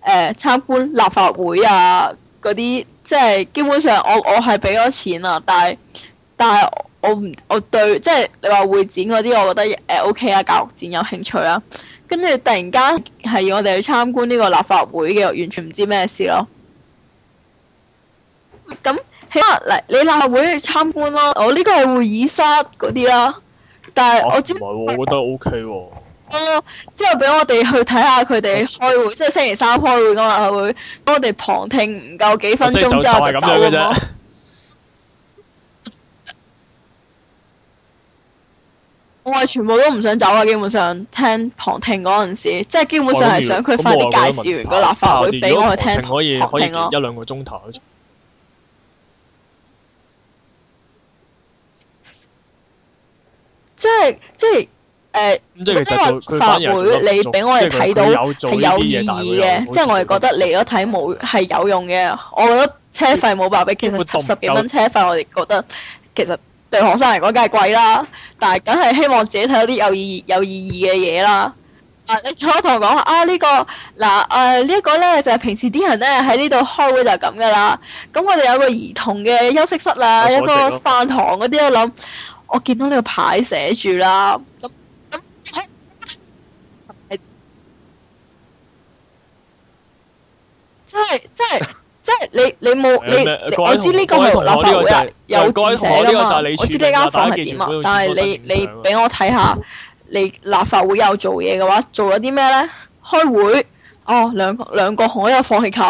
誒、呃，參觀立法會啊嗰啲，即係基本上我我係俾咗錢啊，但係，但係我唔我，我對即係你話會展嗰啲，我覺得誒 OK 啊，教育展有興趣啊。跟住突然間係要我哋去參觀呢個立法會嘅，完全唔知咩事咯。咁起碼嚟，你立法會參觀咯。我呢個係會議室嗰啲啦。但係我知唔係我覺得 O K 喎。之後，即係俾我哋去睇下佢哋開會，即係星期三開會嗰個立法會，我哋旁聽唔夠幾分鐘之後就走啦。我係全部都唔想走啊！基本上聽旁聽嗰陣時，即係基本上係想佢快啲介紹完個立法會俾我聽，可以可以一兩個鐘頭。即係、呃、即係誒，我覺得話法會你俾我哋睇到係有意義嘅，即係我哋覺得嚟咗睇冇係有用嘅。我覺得車費冇百幾，其實七十幾蚊車費，我哋覺得其實對學生嚟講梗係貴啦，但係梗係希望自己睇到啲有意有意義嘅嘢啦。嗱、啊，你仲有同我講啊？這個啊啊這個、呢個嗱誒呢一個咧就係、是、平時啲人咧喺呢度開會就係咁噶啦。咁我哋有個兒童嘅休息室啦，一個飯堂嗰啲，我諗。我見到呢個牌寫住啦，咁咁係即係即係即係你你冇你我知呢個係立法會、啊就是、有字寫噶嘛，我，我知呢間房係點啊，但係你 (laughs) 你俾我睇下，你立法會有做嘢嘅話，做咗啲咩咧？開會，哦兩兩個紅有放氣球，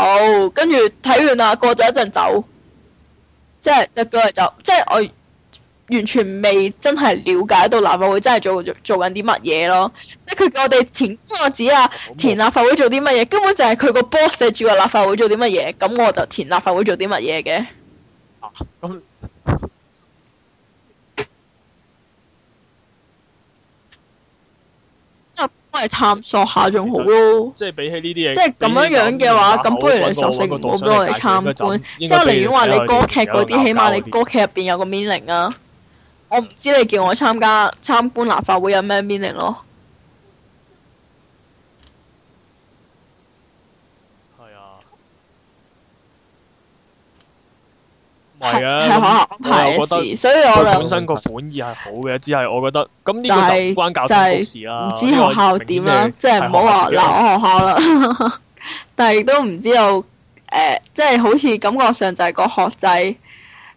跟住睇完啦，過咗一陣走，即係就叫佢走，即係、就是、我。完全未真係了解到立法會真係做做緊啲乜嘢咯，即係佢叫我哋填我指啊填立法會做啲乜嘢，根本就係佢個 boss 寫住話立法會做啲乜嘢，咁我就填立法會做啲乜嘢嘅。咁即係幫你探索下仲好咯。即、嗯、係、 (laughs) 啊嗯嗯、比起呢啲嘢。即係咁樣樣嘅話，咁不如你熟悉啲，我俾我哋參觀。即係我寧願話你歌劇嗰啲，起碼你歌劇入邊有個 meaning 啊個。我唔知你叫我參加參觀立法會有咩 meaning 咯。係啊。唔係嘅，我又覺得，所以我就本身個本意係好嘅，只係我覺得咁呢個就關教師嘅事唔、啊就是、知學校點啦，即係唔好話鬧學校啦。校 (laughs) (laughs) 但係都唔知道誒，即、呃、係、就是、好似感覺上就係個學制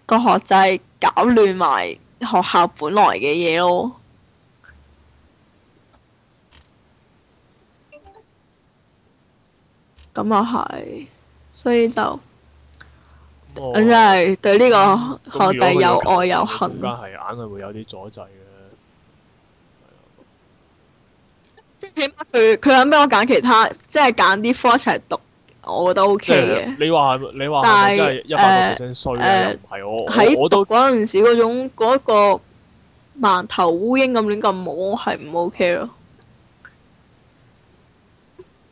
個學制搞亂埋。學校本來嘅嘢咯，咁又係，所以就咁、嗯、真係對呢個學弟有愛有恨。梗係，硬係會有啲阻滯嘅。即係起碼佢佢肯俾我揀其他，即係揀啲科一齊讀。我覺得 OK 嘅。你話你話係真係一百 percent 衰係我喺我都嗰陣時嗰種嗰一、嗰個饅頭烏蠅咁亂咁摸，我係唔 OK 咯。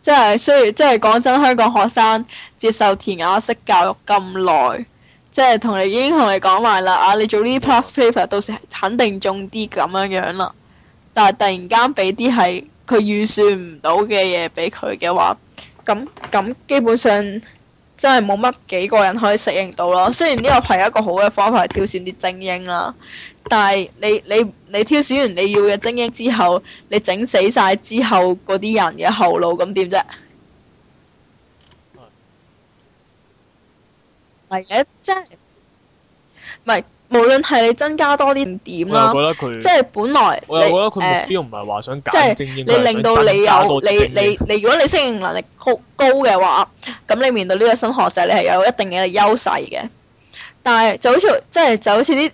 即係雖然即係講真，香港學生接受填鴨式教育咁耐，即係同你已經同你講埋啦啊！你做呢啲 plus paper，到時肯定中啲咁樣樣啦。但係突然間俾啲係佢預算唔到嘅嘢俾佢嘅話，咁咁、嗯嗯、基本上真係冇乜幾個人可以適應到咯。雖然呢個係一個好嘅方法嚟挑選啲精英啦，但係你你你挑選完你要嘅精英之後，你整死晒之後嗰啲人嘅後路咁點啫？係啊、嗯，真係唔係。無論係你增加多啲點啦，即係本來，我又覺得佢目標唔係話想減正應能力，係、呃、想加到正應。你，你如果你適應能力好高嘅話，咁你面對呢個新學者，你係有一定嘅優勢嘅。但係就好似即係就好似啲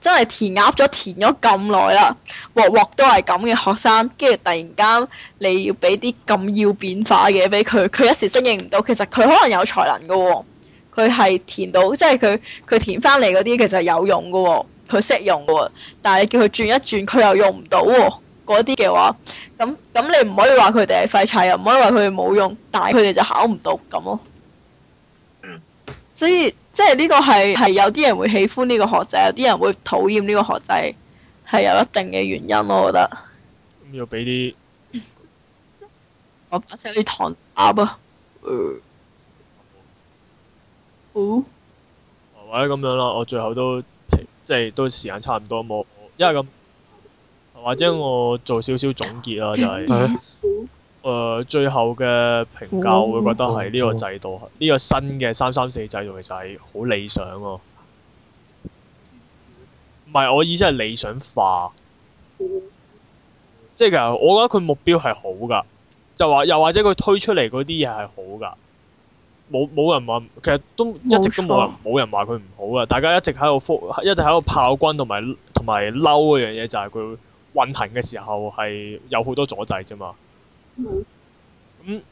真係填鴨咗填咗咁耐啦，鑊鑊都係咁嘅學生，跟住突然間你要俾啲咁要變化嘅俾佢，佢一時適應唔到，其實佢可能有才能嘅喎、哦。佢係填到，即係佢佢填翻嚟嗰啲其實有用嘅喎、哦，佢識用嘅喎、哦，但係你叫佢轉一轉，佢又用唔到喎，嗰啲嘅話，咁咁你唔可以話佢哋係廢柴，又唔可以話佢哋冇用，但係佢哋就考唔到咁咯、哦。所以即係呢個係係有啲人會喜歡呢個學制，有啲人會討厭呢個學制，係有一定嘅原因咯，我覺得。要俾啲 (laughs) 我把聲啲糖，阿啊！呃或者咁樣啦，我最後都即係都時間差唔多，冇，因為咁或者我做少少總結啦，就係、是、誒、呃、最後嘅評價我會覺得係呢個制度，呢、這個新嘅三三四制度其實係好理想喎、啊。唔係，我意思係理想化，即係其實我覺得佢目標係好㗎，就話又或者佢推出嚟嗰啲嘢係好㗎。冇冇人話，其實都一直都冇人冇錯人話佢唔好啊！大家一直喺度復，一直喺度炮轟同埋同埋嬲嗰樣嘢，就係佢運行嘅時候係有好多阻滯啫嘛。咁呢、嗯嗯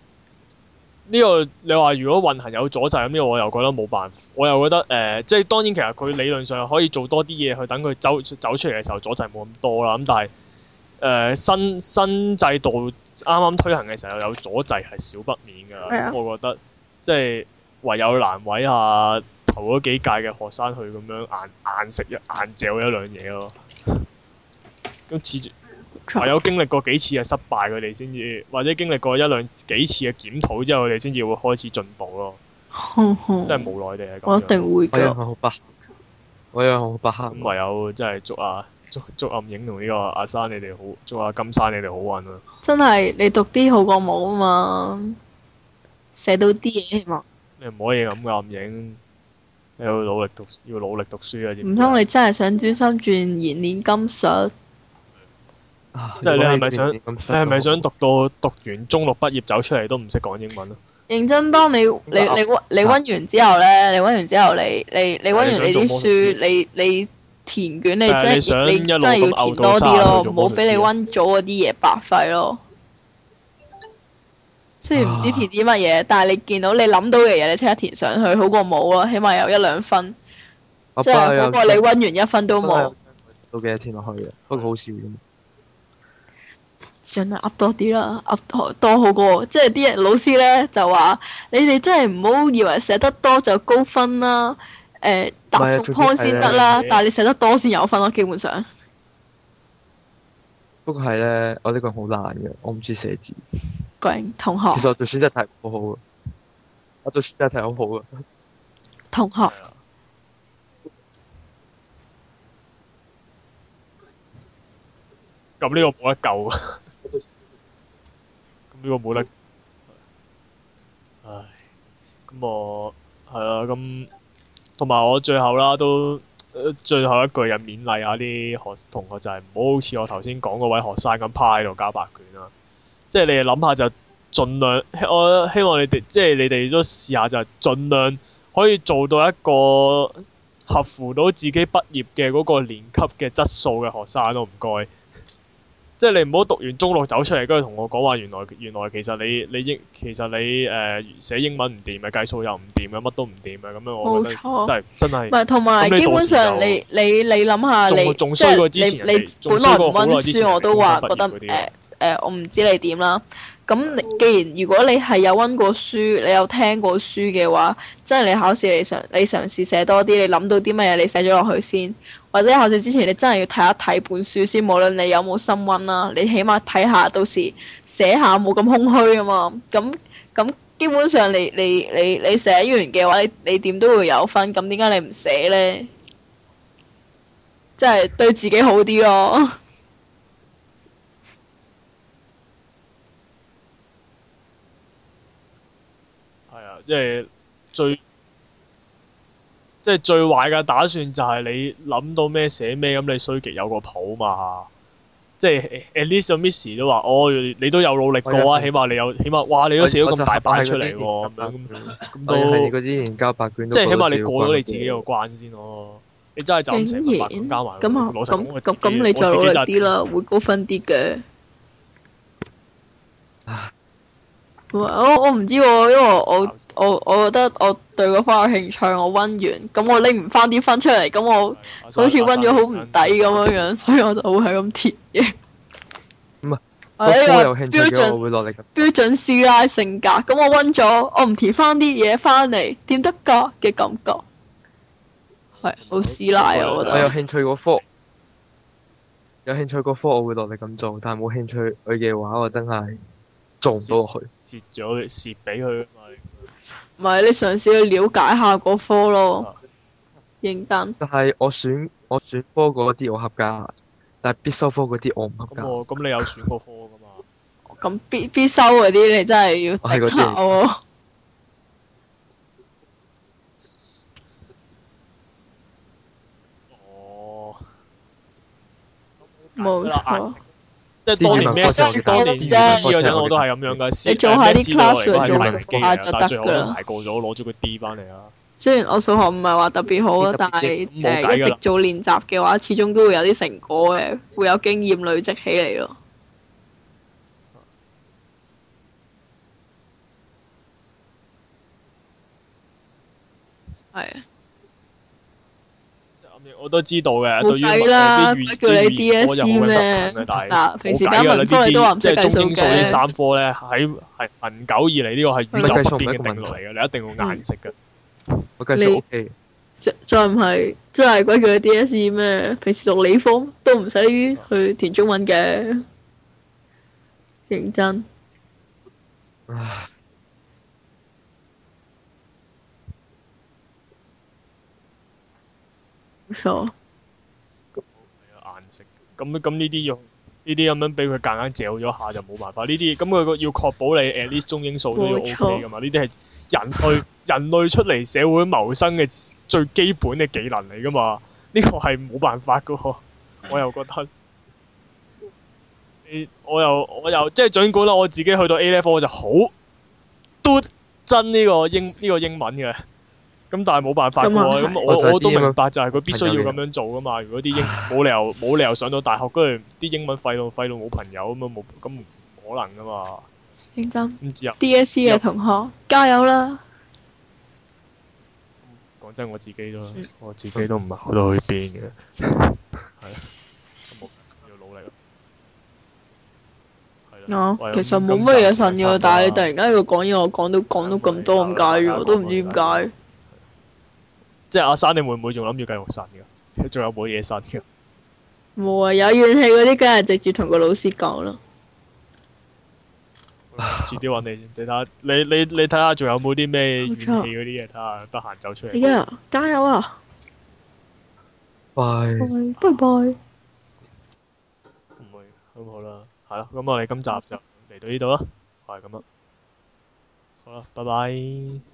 呢個你話如果運行有阻滯，咁呢我又覺得冇辦法，我又覺得誒、呃，即係當然其實佢理論上可以做多啲嘢去等佢走走出嚟嘅時候阻滯冇咁多啦。咁但係誒、呃、新新制度啱啱推行嘅時候有阻滯係少不免㗎啦。係、哎、呀我覺得。即係唯有難為下頭嗰幾屆嘅學生去咁樣硬硬食一硬嚼一兩嘢咯。咁、嗯、始，唯有經歷過幾次嘅失敗，佢哋先至，或者經歷過一兩幾次嘅檢討之後，佢哋先至會開始進步咯。呵呵真係無奈哋啊！我一定會嘅。我有好白，我有好白，咁唯有真係祝阿祝祝，祝暗影同呢個阿珊你哋好，祝阿金山你哋好運啊！真係你讀啲好過冇啊嘛～ (music) 寫到啲嘢希望！你唔可以咁暗影，你要努力讀，要努力讀書啊！唔通你真係想專心鑽研煉金術？啊！你係咪想？你係咪想讀到讀完中六畢業走出嚟都唔識講英文咯？認真當你你你溫你溫完之後咧，你溫完之後你你你溫完你啲書，你你填卷你真係你真係要填多啲咯，唔好俾你溫咗嗰啲嘢白費咯。即然唔知填啲乜嘢，啊、但係你見到你諗到嘅嘢，你即刻填上去，好過冇咯，起碼有一兩分。即係冇過你溫完一分都冇。都幾多填落去嘅，不過好少啫。盡量噏多啲啦噏多好過，即係啲老師咧就話：你哋真係唔好以為寫得多就高分啦。誒、呃，答錯 point 先得啦，但係你寫得多先有分咯、啊，基本上。不過係咧，我呢個好難嘅，我唔中意寫字。郭穎同學。其實我做選擇題好好嘅。我做選擇題好好嘅同學。咁呢個冇得救啊！咁 (laughs) 呢個冇得，唉，咁我係啦，咁同埋我最後啦都。最後一句就勉勵下啲同學，就係唔好好似我頭先講嗰位學生咁趴喺度交白卷啦，即係你哋諗下就盡量，我希望你哋即係你哋都試下就盡量可以做到一個合乎到自己畢業嘅嗰個年級嘅質素嘅學生咯，唔該。即係你唔好讀完中六走出嚟，跟住同我講話，原來原來其實你你英其實你誒寫英文唔掂嘅，計數又唔掂嘅，乜都唔掂嘅咁樣我覺得，冇錯真係真係唔係同埋基本上你你你諗下你即係你仲衰過之前你本來唔温書，我都話覺得誒誒，我唔知你點啦。咁既然，既然如果你係有温過書，你有聽過書嘅話，即係你考試你嘗你嘗試寫多啲，你諗到啲乜嘢你寫咗落去先。或者考試之前，你真係要睇一睇本書先，無論你有冇心温啦，你起碼睇下，到時寫下冇咁空虛啊嘛。咁咁基本上，你你你你寫完嘅話，你點都會有分。咁點解你唔寫咧？即係對自己好啲咯。係啊，即係最。即係最壞嘅打算就係你諗到咩寫咩，咁你衰極有個譜嘛。即係 at least Miss 都話，哦，你都有努力過啊，起碼你有，起碼，哇，你都寫咗咁大版出嚟喎，咁樣，咁都。係你啲年交白卷。即係起碼你過咗你自己個關先咯。你真係就唔成白卷加埋攞曬功嘅啲。你再努力啲啦，會高分啲嘅。我我唔知喎，因為我我我覺得我。對個科有興趣，我溫完，咁我拎唔翻啲分出嚟，咁我好似溫咗好唔抵咁樣樣，所以我就會係咁填嘅。唔係、嗯，我科有興趣我會落力。標準師奶性格，咁我溫咗，我唔填翻啲嘢翻嚟，點得㗎嘅感覺？係好師奶，我覺得。我有興趣嗰科，有興趣嗰科，科我會落力咁做，但係冇興趣佢嘅話，我真係做唔到落去。蝕咗，蝕俾佢唔係，你嘗試去了解下嗰科咯，認真。但係我選我選科嗰啲我合格，但係必修科嗰啲我唔合格。咁你有選科科噶嘛咁 (laughs) 必必修嗰啲你真係要 pass。哦。冇錯。 (laughs) 即係當年咩時候？當年二個人我都係咁樣噶。你做下啲 classwork 就得噶啦。但係最後都排過咗，我攞咗個 D 翻嚟啦。雖然我數學唔係話特別好啊，但係誒一直做練習嘅話，始終都會有啲成果嘅，會有經驗累積起嚟咯。係啊。我都知道嘅，對於我啲預知預，我又好鬼得閒嘅，但係，平時打文科你都話唔使計數嘅。即係中英數呢三科咧，喺係恆久以嚟呢個係語雜決定嚟嘅，你一定要硬識嘅。你再再唔係，真係鬼叫你 DSE 咩？平時讀理科都唔使去填中文嘅，認真。錯。咁咁呢啲用呢啲咁樣俾佢夾硬嚼咗下就冇辦法。呢啲咁佢要確保你 at least 中英數都要 O K 噶嘛？呢啲係人類 (laughs) 人類出嚟社會謀生嘅最基本嘅技能嚟噶嘛？呢、這個係冇辦法噶，我又覺得，我又我又即係盡管啦，就是、我自己去到 A level 我就好都 o 真呢個英呢、這個英文嘅。咁但係冇辦法嘅，咁我我都明白，就係佢必須要咁樣做噶嘛。如果啲英冇理由冇理由上到大學，跟住啲英文廢到廢到冇朋友咁樣，冇咁可能噶嘛。認真。唔知啊。DSE 嘅同學，加油啦！講真，我自己都，我自己都唔係好到去邊嘅。係啊，冇要努力啦。我其實冇乜嘢信嘅，但係你突然間要講嘢，我講到講到咁多咁解，我都唔知點解。即係阿生，你會唔會仲諗住繼續訓噶？仲有冇嘢訓噶？冇啊！有怨氣嗰啲梗係直接同個老師講咯。遲啲話你，你睇下，你你你睇下，仲有冇啲咩怨氣嗰啲嘢？睇下得閒走出嚟。依家加油啊！拜拜拜拜。唔會，好唔好啦？係咯，咁我哋今集就嚟到呢度啦。係咁啦，好啦，拜拜。